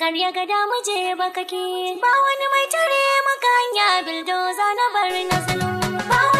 Karya gada je baka ke ba wani mai tare maka hanya bildoza na bari na salo.